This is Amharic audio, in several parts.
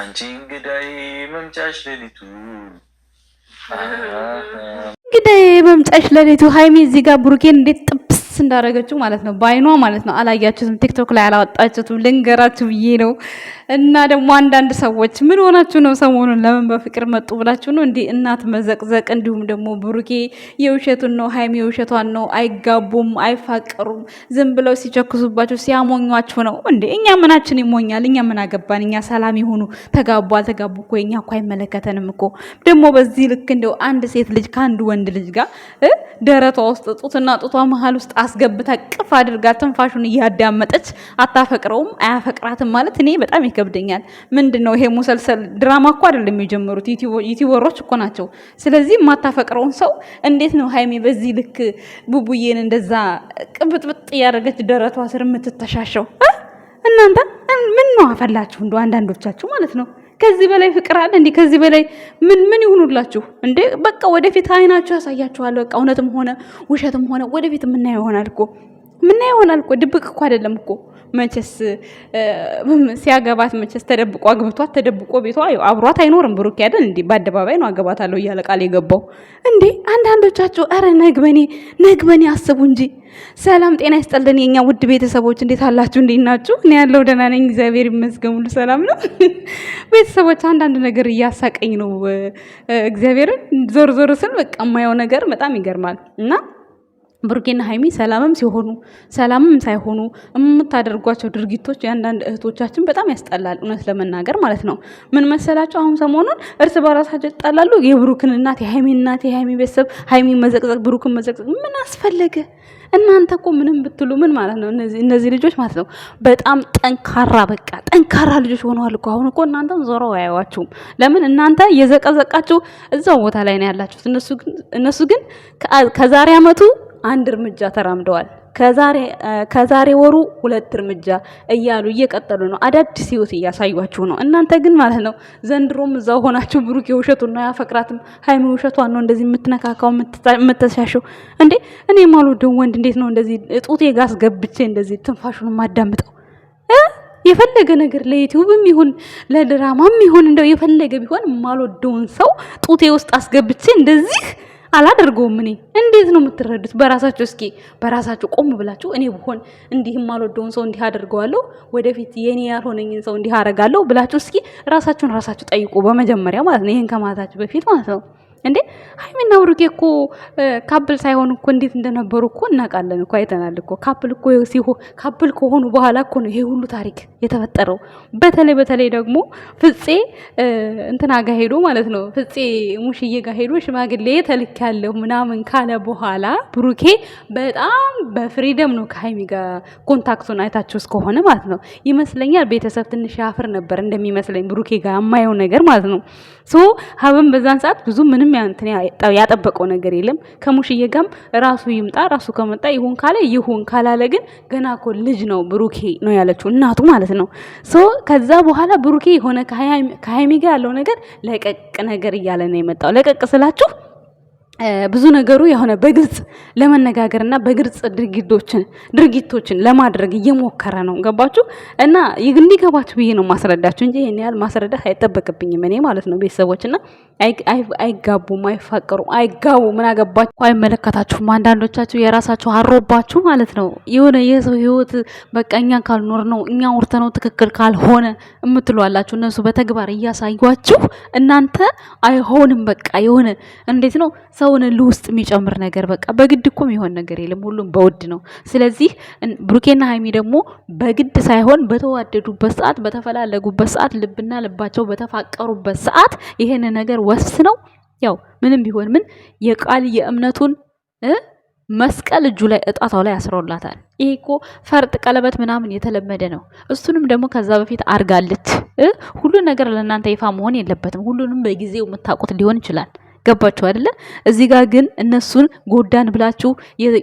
አንቺ እንግዳይ መምጫሽ ሌሊቱ እንግዳይ መምጫሽ ሌሊቱ ሀይሚ እዚህ ጋር ብሩኬን እንዴት እንዳደረገችው ማለት ነው። ባይኗ ማለት ነው። አላያችሁትም፣ ቲክቶክ ላይ አላወጣችሁትም። ልንገራችሁ ብዬ ነው። እና ደግሞ አንዳንድ ሰዎች ምን ሆናችሁ ነው ሰሞኑን ለምን በፍቅር መጡ ብላችሁ ነው እንዲህ እናት መዘቅዘቅ። እንዲሁም ደግሞ ብሩኬ የውሸቱን ነው፣ ሀይሚ የውሸቷን ነው። አይጋቡም፣ አይፋቀሩም። ዝም ብለው ሲቸክሱባቸው ሲያሞኟችሁ ነው እንዴ። እኛ ምናችን ይሞኛል? እኛ ምን አገባን? እኛ ሰላም የሆኑ ተጋቡ አልተጋቡ እኮ እኛ እኮ አይመለከተንም እኮ። ደግሞ በዚህ ልክ እንደው አንድ ሴት ልጅ ከአንድ ወንድ ልጅ ጋር ደረቷ ውስጥ ጡትና ጡቷ መሀል ውስጥ አስገብታ ቅፍ አድርጋ ትንፋሹን እያዳመጠች አታፈቅረውም፣ አያፈቅራትም ማለት እኔ በጣም ይከብደኛል። ምንድን ነው ይሄ ሙሰልሰል ድራማ እኮ አይደለም የሚጀምሩት ዩቲዩበሮች እኮ ናቸው። ስለዚህ የማታፈቅረውን ሰው እንዴት ነው ሀይሜ በዚህ ልክ ቡቡዬን እንደዛ ቅብጥብጥ እያደረገች ደረቷ ስር የምትተሻሸው? እናንተ ምን ነው አፈላችሁ? እንደ አንዳንዶቻችሁ ማለት ነው ከዚህ በላይ ፍቅር አለ እንዴ? ከዚህ በላይ ምን ምን ይሁኑላችሁ እንዴ? በቃ ወደፊት አይናችሁ ያሳያችኋል። በቃ እውነትም ሆነ ውሸትም ሆነ ወደፊት የምናየው ይሆናል እኮ ምን ይሆናል እኮ ድብቅ እኮ አይደለም እኮ መቼስ ሲያገባት መቼስ ተደብቆ አግብቷት ተደብቆ ቤቷ አብሯት አይኖርም። ብሩክ ያደል እንዴ በአደባባይ ነው አገባታለሁ እያለ ቃል የገባው እንዴ። አንዳንዶቻችሁ አረ ነግበኔ ነግበኔ አስቡ እንጂ። ሰላም ጤና ይስጠልን የኛ ውድ ቤተሰቦች፣ እንዴት አላችሁ? እንዴት ናችሁ? እኔ ያለው ደህና ነኝ፣ እግዚአብሔር ይመስገን፣ ሁሉ ሰላም ነው። ቤተሰቦች፣ አንዳንድ ነገር እያሳቀኝ ነው እግዚአብሔርን ዞር ዞር ስል በቃ የማየው ነገር በጣም ይገርማል እና ብሩኬና ሀይሚ ሰላምም ሲሆኑ ሰላምም ሳይሆኑ የምታደርጓቸው ድርጊቶች የአንዳንድ እህቶቻችን በጣም ያስጠላል፣ እውነት ለመናገር ማለት ነው። ምን መሰላቸው? አሁን ሰሞኑን እርስ በራሳቸው ይጣላሉ። የብሩክን እናት፣ የሀይሚ እናት፣ የሀይሚ ቤተሰብ ሀይሚ መዘቅዘቅ፣ ብሩክን መዘቅዘቅ ምን አስፈለገ? እናንተ እኮ ምንም ብትሉ ምን ማለት ነው? እነዚህ ልጆች ማለት ነው በጣም ጠንካራ በቃ ጠንካራ ልጆች ሆነዋል እኮ አሁን እኮ እናንተም ዞሮ አያዩዋችሁም። ለምን እናንተ የዘቀዘቃችሁ እዛው ቦታ ላይ ነው ያላችሁት። እነሱ ግን ከዛሬ አመቱ አንድ እርምጃ ተራምደዋል። ከዛሬ ወሩ ሁለት እርምጃ እያሉ እየቀጠሉ ነው። አዳዲስ ህይወት እያሳዩችሁ ነው። እናንተ ግን ማለት ነው ዘንድሮም እዛው ሆናችሁ ብሩኬ ውሸቱን ነው ያፈቅራትም ሀይሚ ውሸቷን ነው እንደዚህ የምትነካካው የምትሻሸው። እንዴ እኔ ማሉ ድን ወንድ እንዴት ነው እንደዚህ ጡቴ ጋስ ገብቼ እንደዚህ ትንፋሹን ማዳምጠው? የፈለገ ነገር ለዩቲዩብም ይሁን ለድራማም ይሁን እንደው የፈለገ ቢሆን ማልወደውን ሰው ጡቴ ውስጥ አስገብቼ እንደዚህ አላደርገውም። እኔ እንዴት ነው የምትረዱት? በራሳችሁ እስኪ በራሳችሁ ቆም ብላችሁ እኔ ብሆን እንዲህም የማልወደውን ሰው እንዲህ አደርገዋለሁ፣ ወደፊት የኔ ያልሆነኝን ሰው እንዲህ አደርጋለሁ ብላችሁ እስኪ ራሳችሁን ራሳችሁ ጠይቁ። በመጀመሪያ ማለት ነው፣ ይህን ከማታችሁ በፊት ማለት ነው። እንዴ ሀይሚና ብሩኬ እኮ ካፕል ሳይሆን እኮ እንዴት እንደነበሩ እኮ እናውቃለን እኮ አይተናል እኮ ካፕል እኮ ሲሆ ካፕል ከሆኑ በኋላ እኮ ነው ይሄ ሁሉ ታሪክ የተፈጠረው። በተለይ በተለይ ደግሞ ፍፄ እንትና ጋ ሄዶ ማለት ነው ፍፄ ሙሽዬ ጋ ሄዶ ሽማግሌ ተልክ ያለው ምናምን ካለ በኋላ ብሩኬ በጣም በፍሪደም ነው ከሀይሚ ጋር ኮንታክቱን አይታችሁ እስከሆነ ማለት ነው ይመስለኛል ቤተሰብ ትንሽ ያፍር ነበር እንደሚመስለኝ ብሩኬ ጋር የማየው ነገር ማለት ነው ሶ ሀብም በዛን ሰዓት ብዙ ምንም ያንትን ያጠበቀው ነገር የለም። ከሙሽዬ ጋም ራሱ ይምጣ ራሱ ከመጣ ይሁን ካለ ይሁን ካላለ ግን ገና እኮ ልጅ ነው ብሩኬ ነው ያለችው እናቱ ማለት ነው። ሶ ከዛ በኋላ ብሩኬ የሆነ ከሀይሚ ጋር ያለው ነገር ለቀቅ ነገር እያለ ነው የመጣው። ለቀቅ ስላችሁ ብዙ ነገሩ የሆነ በግልጽ ለመነጋገር እና በግልጽ ድርጊቶችን ድርጊቶችን ለማድረግ እየሞከረ ነው። ገባችሁ? እና እንዲገባችሁ ብዬ ነው ማስረዳችሁ እንጂ ይህን ያህል ማስረዳት አይጠበቅብኝም እኔ ማለት ነው ቤተሰቦች እና አይጋቡም፣ አይፋቀሩም፣ አይጋቡ። ምን አገባችሁ እኮ አይመለከታችሁም። አንዳንዶቻችሁ የራሳችሁ አሮባችሁ ማለት ነው። የሆነ የሰው ህይወት በቃ እኛ ካልኖር ነው እኛ ውርተ ነው ትክክል ካልሆነ የምትሏላችሁ እነሱ በተግባር እያሳዩችሁ እናንተ አይሆንም በቃ የሆነ እንዴት ነው ሰውን ልውስጥ የሚጨምር ነገር በቃ በግድ እኮ የሚሆን ነገር የለም። ሁሉም በውድ ነው። ስለዚህ ብሩኬና ሀይሚ ደግሞ በግድ ሳይሆን በተዋደዱበት ሰዓት፣ በተፈላለጉበት ሰዓት፣ ልብና ልባቸው በተፋቀሩበት ሰዓት ይሄን ነገር ወስነው ያው ምንም ቢሆን ምን የቃል የእምነቱን መስቀል እጁ ላይ እጣታው ላይ አስሮላታል። ይሄ እኮ ፈርጥ ቀለበት ምናምን የተለመደ ነው። እሱንም ደግሞ ከዛ በፊት አርጋለች። ሁሉን ነገር ለእናንተ ይፋ መሆን የለበትም። ሁሉንም በጊዜው የምታውቁት ሊሆን ይችላል። ገባችሁ አይደለ? እዚህ ጋር ግን እነሱን ጎዳን ብላችሁ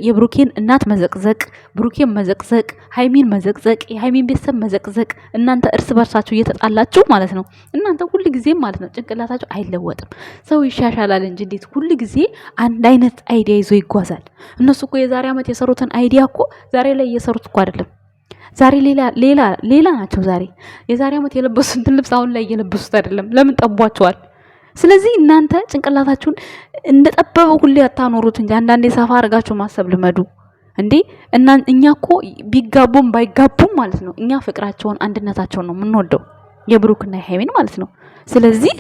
የብሩኬን እናት መዘቅዘቅ፣ ብሩኬን መዘቅዘቅ፣ ሃይሚን መዘቅዘቅ፣ የሃይሚን ቤተሰብ መዘቅዘቅ፣ እናንተ እርስ በርሳችሁ እየተጣላችሁ ማለት ነው። እናንተ ሁል ጊዜም ማለት ነው ጭንቅላታችሁ አይለወጥም። ሰው ይሻሻላል እንጂ እንዴት ሁል ጊዜ አንድ አይነት አይዲያ ይዞ ይጓዛል? እነሱ እኮ የዛሬ ዓመት የሰሩትን አይዲያ እኮ ዛሬ ላይ እየሰሩት እኮ አይደለም ዛሬ ሌላ ሌላ ሌላ ናቸው። ዛሬ የዛሬ ዓመት የለበሱትን ልብስ አሁን ላይ እየለበሱት አይደለም። ለምን ጠቧቸዋል? ስለዚህ እናንተ ጭንቅላታችሁን እንደጠበበ ሁሌ አታኖሩት እንጂ አንዳንዴ ሰፋ አድርጋችሁ ማሰብ ልመዱ። እንዴ እና እኛ እኮ ቢጋቡም ባይጋቡም ማለት ነው እኛ ፍቅራቸውን አንድነታቸውን ነው የምንወደው የብሩክና የሃይሜን ማለት ነው። ስለዚህ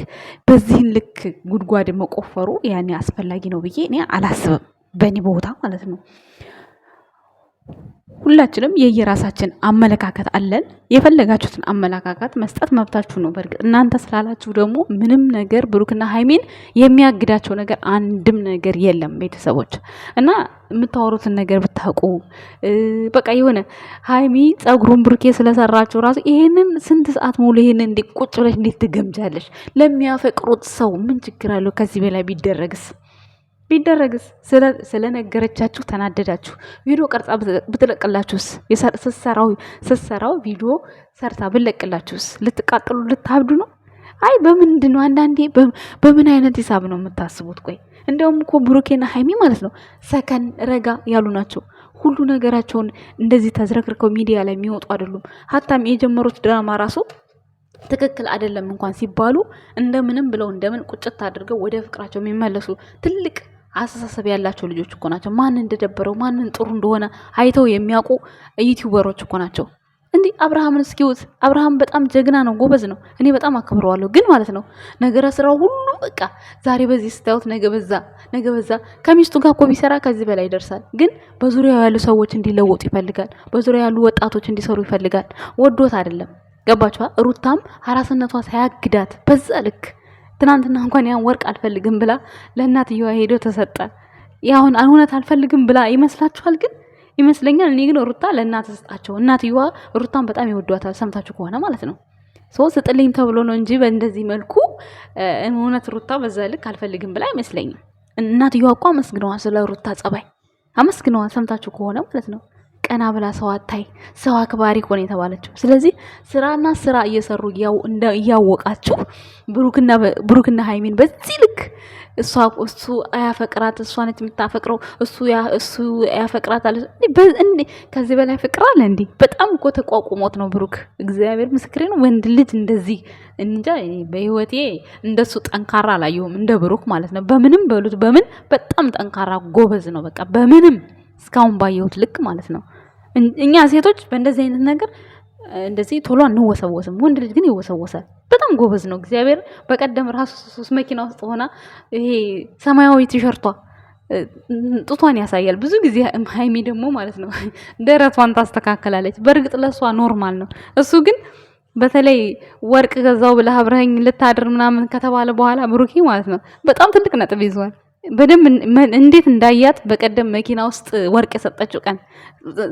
በዚህን ልክ ጉድጓድ መቆፈሩ ያኔ አስፈላጊ ነው ብዬ እኔ አላስብም፣ በእኔ ቦታ ማለት ነው። ሁላችንም የየራሳችን አመለካከት አለን። የፈለጋችሁትን አመለካከት መስጠት መብታችሁ ነው። በእርግጥ እናንተ ስላላችሁ ደግሞ ምንም ነገር ብሩክና ሀይሚን የሚያግዳቸው ነገር አንድም ነገር የለም። ቤተሰቦች እና የምታወሩትን ነገር ብታውቁ በቃ የሆነ ሀይሚ ጸጉሩን ብሩኬ ስለሰራችሁ ራሱ ይሄንን ስንት ሰዓት ሙሉ ይሄንን እንዴት ቁጭ ብለሽ እንዴት ትገምጃለሽ? ለሚያፈቅሩት ሰው ምን ችግር አለው? ከዚህ በላይ ቢደረግስ ቢደረግስ ስለነገረቻችሁ ተናደዳችሁ። ቪዲዮ ቀርጻ ብትለቅላችሁስ ስሰራው ስሰራው ቪዲዮ ሰርታ ብትለቅላችሁስ ልትቃጥሉ ልታብዱ ነው? አይ በምንድን ነው አንዳንዴ በምን አይነት ሂሳብ ነው የምታስቡት? ቆይ እንደውም እኮ ብሩኬና ሀይሚ ማለት ነው ሰከን ረጋ ያሉ ናቸው። ሁሉ ነገራቸውን እንደዚህ ተዝረክርከው ሚዲያ ላይ የሚወጡ አይደሉም። ሀታም የጀመሩት ድራማ ራሱ ትክክል አይደለም እንኳን ሲባሉ እንደምንም ብለው እንደምን ቁጭት አድርገው ወደ ፍቅራቸው የሚመለሱ ትልቅ አስተሳሰብ ያላቸው ልጆች እኮ ናቸው። ማን እንደደበረው ማንን ጥሩ እንደሆነ አይተው የሚያውቁ ዩቲዩበሮች እኮ ናቸው። እንዲህ አብርሃምን እስኪውት አብርሃም በጣም ጀግና ነው፣ ጎበዝ ነው። እኔ በጣም አከብረዋለሁ። ግን ማለት ነው ነገረ ስራው ሁሉ በቃ ዛሬ በዚህ ስታዩት ነገ በዛ ነገ በዛ። ከሚስቱ ጋር እኮ ቢሰራ ከዚህ በላይ ይደርሳል። ግን በዙሪያው ያሉ ሰዎች እንዲለወጡ ይፈልጋል። በዙሪያ ያሉ ወጣቶች እንዲሰሩ ይፈልጋል። ወዶት አይደለም። ገባችኋ? ሩታም አራስነቷ ሳያግዳት በዛ ልክ ትናንትና እንኳን ያን ወርቅ አልፈልግም ብላ ለእናትየዋ ሄዶ ተሰጠ። ያሁን እውነት አልፈልግም ብላ ይመስላችኋል? ግን ይመስለኛል። እኔ ግን ሩታ ለእናት ስጣቸው። እናትየዋ ሩታን በጣም ይወዷታል፣ ሰምታችሁ ከሆነ ማለት ነው። ሶ ስጥልኝ ተብሎ ነው እንጂ በእንደዚህ መልኩ እውነት ሩታ በዛ ልክ አልፈልግም ብላ አይመስለኝም። እናትየዋ እኮ አመስግነዋል፣ ስለ ሩታ ጸባይ አመስግነዋል፣ ሰምታችሁ ከሆነ ማለት ነው። ቀና ብላ ሰው አታይ፣ ሰው አክባሪ ሆነ የተባለችው። ስለዚህ ስራና ስራ እየሰሩ እያወቃችሁ ብሩክና ሀይሚን በዚህ ልክ እሷ እሱ ያፈቅራት እሷ ነች የምታፈቅረው፣ እሱ እሱ ያፈቅራታል። ከዚህ በላይ ፍቅር አለ እንዴ? በጣም እኮ ተቋቁሞት ነው ብሩክ። እግዚአብሔር ምስክሬ ነው። ወንድ ልጅ እንደዚህ እንጃ በህይወቴ እንደሱ ጠንካራ አላየሁም፣ እንደ ብሩክ ማለት ነው። በምንም በሉት በምን በጣም ጠንካራ ጎበዝ ነው። በቃ በምንም እስካሁን ባየሁት ልክ ማለት ነው። እኛ ሴቶች በእንደዚህ አይነት ነገር እንደዚህ ቶሎ አንወሰወስም። ወንድ ልጅ ግን ይወሰወሳል። በጣም ጎበዝ ነው። እግዚአብሔር በቀደም ራሱ ሶስት መኪና ውስጥ ሆና ይሄ ሰማያዊ ቲሸርቷ ጡቷን ያሳያል። ብዙ ጊዜ ሀይሚ ደግሞ ማለት ነው ደረቷን ታስተካከላለች። በእርግጥ ለእሷ ኖርማል ነው። እሱ ግን በተለይ ወርቅ ገዛው ብለህ አብረኸኝ ልታድር ምናምን ከተባለ በኋላ ብሩኬ ማለት ነው በጣም ትልቅ ነጥብ ይዟል። በደንብ እንዴት እንዳያት በቀደም መኪና ውስጥ ወርቅ የሰጠችው ቀን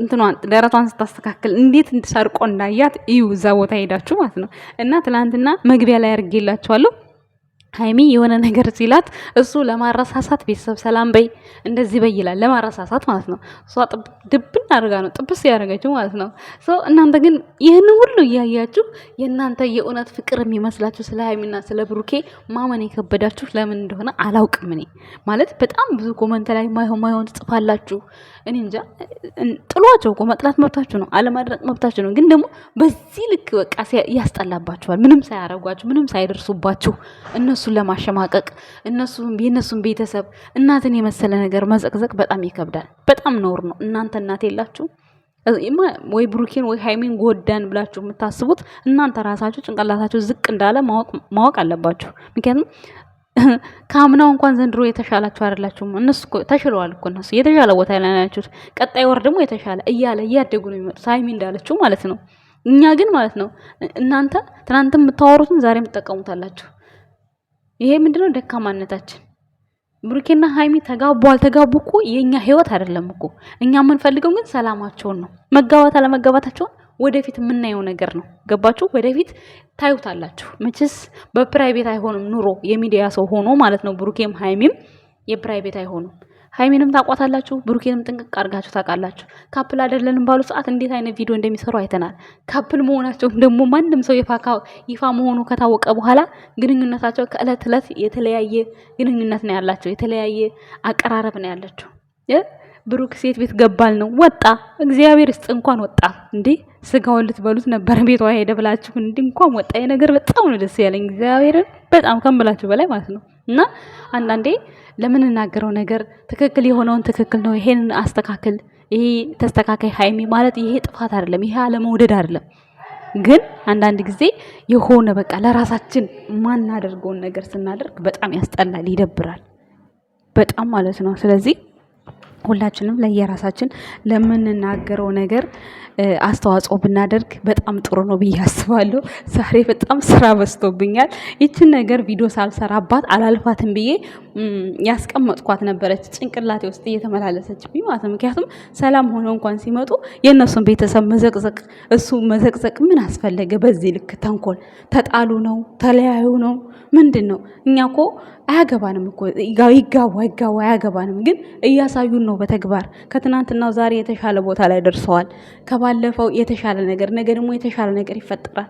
እንትኗን ደረቷን ስታስተካክል እንዴት ሰርቆ እንዳያት እዩ። እዛ ቦታ ሄዳችሁ ማለት ነው። እና ትናንትና መግቢያ ላይ አድርጌላችኋለሁ። ሀይሚ የሆነ ነገር ሲላት እሱ ለማረሳሳት ቤተሰብ ሰላም በይ እንደዚህ በይ ይላል። ለማረሳሳት ማለት ነው። እሷ ድብን አድርጋ ነው ጥብስ ያደረገችው ማለት ነው። እናንተ ግን ይህን ሁሉ እያያችሁ የእናንተ የእውነት ፍቅር የሚመስላችሁ ስለ ሀይሚና ስለ ብሩኬ ማመን የከበዳችሁ ለምን እንደሆነ አላውቅም። እኔ ማለት በጣም ብዙ ኮመንት ላይ ማይሆን ማይሆን ትጽፋላችሁ። እኔ እንጃ። ጥሏቸው እኮ መጥላት መብታችሁ ነው፣ አለማድረቅ መብታችሁ ነው። ግን ደግሞ በዚህ ልክ በቃ ያስጠላባችኋል። ምንም ሳያረጓችሁ፣ ምንም ሳይደርሱባችሁ እነሱ እነሱን ለማሸማቀቅ እነሱን የእነሱን ቤተሰብ እናትን የመሰለ ነገር መዘቅዘቅ በጣም ይከብዳል። በጣም ኖር ነው። እናንተ እናት የላችሁ ወይ ብሩኬን ወይ ሃይሜን ጎዳን ብላችሁ የምታስቡት እናንተ ራሳችሁ ጭንቅላታችሁ ዝቅ እንዳለ ማወቅ አለባችሁ። ምክንያቱም ከአምናው እንኳን ዘንድሮ የተሻላችሁ አይደላችሁም። እነሱ ተሽለዋል እኮ እነሱ የተሻለ ቦታ ያላችሁት፣ ቀጣይ ወር ደግሞ የተሻለ እያለ እያደጉ ነው የሚመጡት። ሃይሜ እንዳለችው ማለት ነው። እኛ ግን ማለት ነው እናንተ ትናንትም የምታወሩትን ዛሬም ትጠቀሙታላችሁ። ይሄ ምንድነው ደካማነታችን። ብሩኬና ሀይሚ ተጋቡ አልተጋቡ እኮ የእኛ ህይወት አይደለም እኮ እኛ የምንፈልገው ግን ሰላማቸውን ነው። መጋባት አለመጋባታቸውን ወደፊት የምናየው ነገር ነው። ገባችሁ? ወደፊት ታዩታላችሁ። መቼስ በፕራይቬት አይሆንም ኑሮ የሚዲያ ሰው ሆኖ ማለት ነው። ብሩኬም ሀይሚም የፕራይቬት አይሆንም። ሀይሜንም ታቋታላችሁ፣ ብሩኬንም ጥንቅቅ አድርጋችሁ ታውቃላችሁ። ካፕል አይደለንም ባሉ ሰዓት እንዴት አይነት ቪዲዮ እንደሚሰሩ አይተናል። ካፕል መሆናቸውም ደግሞ ማንም ሰው ይፋ መሆኑ ከታወቀ በኋላ ግንኙነታቸው ከእለት እለት የተለያየ ግንኙነት ነው ያላቸው፣ የተለያየ አቀራረብ ነው ያላቸው። ብሩክ ሴት ቤት ገባል ነው ወጣ። እግዚአብሔር ስጥ እንኳን ወጣ እንዴ! ስጋውን ልትበሉት ነበረ ቤቷ ሄደ ብላችሁ እንዲ እንኳን ወጣ። የነገር በጣም ነው ደስ ያለኝ እግዚአብሔርን በጣም ከምላችሁ በላይ ማለት ነው። እና አንዳንዴ ለምንናገረው ነገር ትክክል የሆነውን ትክክል ነው፣ ይሄንን አስተካክል፣ ይሄ ተስተካካይ ሀይሚ ማለት ይሄ ጥፋት አይደለም፣ ይሄ አለመውደድ አይደለም። ግን አንዳንድ ጊዜ የሆነ በቃ ለራሳችን ማናደርገውን ነገር ስናደርግ በጣም ያስጠላል፣ ይደብራል፣ በጣም ማለት ነው። ስለዚህ ሁላችንም ለየራሳችን ለምንናገረው ነገር አስተዋጽኦ ብናደርግ በጣም ጥሩ ነው ብዬ አስባለሁ። ዛሬ በጣም ስራ በዝቶብኛል። ይችን ነገር ቪዲዮ ሳልሰራባት አላልፋትም ብዬ ያስቀመጥኳት ነበረች ጭንቅላቴ ውስጥ እየተመላለሰችብኝ ማለት ነው። ምክንያቱም ሰላም ሆነው እንኳን ሲመጡ የእነሱን ቤተሰብ መዘቅዘቅ እሱ መዘቅዘቅ ምን አስፈለገ? በዚህ ልክ ተንኮል ተጣሉ ነው ተለያዩ ነው ምንድን ነው? እኛ ኮ አያገባንም እኮ ይጋቡ አይጋቡ አያገባንም፣ ግን እያሳዩን ነው በተግባር። ከትናንትናው ዛሬ የተሻለ ቦታ ላይ ደርሰዋል። ከባለፈው የተሻለ ነገር፣ ነገ ደግሞ የተሻለ ነገር ይፈጠራል።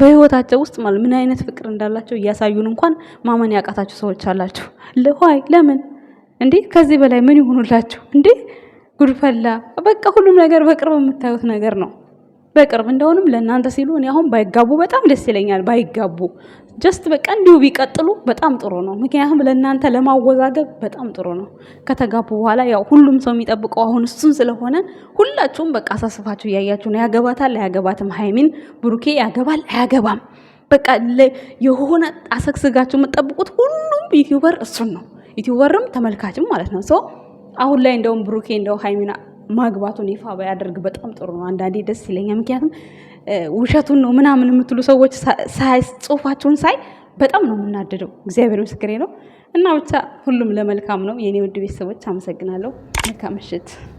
በህይወታቸው ውስጥ ማለት ምን አይነት ፍቅር እንዳላቸው እያሳዩን እንኳን ማመን ያቃታችሁ ሰዎች አላችሁ። ለዋይ ለምን እንዴ? ከዚህ በላይ ምን ይሆኑላችሁ እንዴ? ጉድፈላ በቃ ሁሉም ነገር በቅርብ የምታዩት ነገር ነው። በቅርብ እንደሆንም ለእናንተ ሲሉ እኔ አሁን ባይጋቡ በጣም ደስ ይለኛል። ባይጋቡ ጀስት በቃ እንዲሁ ቢቀጥሉ በጣም ጥሩ ነው። ምክንያቱም ለእናንተ ለማወዛገብ በጣም ጥሩ ነው። ከተጋቡ በኋላ ያው ሁሉም ሰው የሚጠብቀው አሁን እሱን ስለሆነ ሁላችሁም በቃ አሳስፋችሁ እያያችሁ ነው። ያገባታል አያገባትም፣ ሀይሚን ብሩኬ ያገባል አያገባም፣ በቃ የሆነ አሰግስጋችሁ የምጠብቁት ሁሉም ዩቲዩበር እሱን ነው። ዩቲዩበርም ተመልካችም ማለት ነው። ሰው አሁን ላይ እንደውም ብሩኬ እንደው ሀይሚና ማግባቱን ይፋ ባያደርግ በጣም ጥሩ ነው። አንዳንዴ ደስ ይለኛል። ምክንያቱም ውሸቱን ነው ምናምን የምትሉ ሰዎች ጽሁፋቸውን ሳይ በጣም ነው የምናደደው። እግዚአብሔር ምስክሬ ነው። እና ብቻ ሁሉም ለመልካም ነው። የእኔ ውድ ቤተሰቦች አመሰግናለሁ። መልካም ምሽት።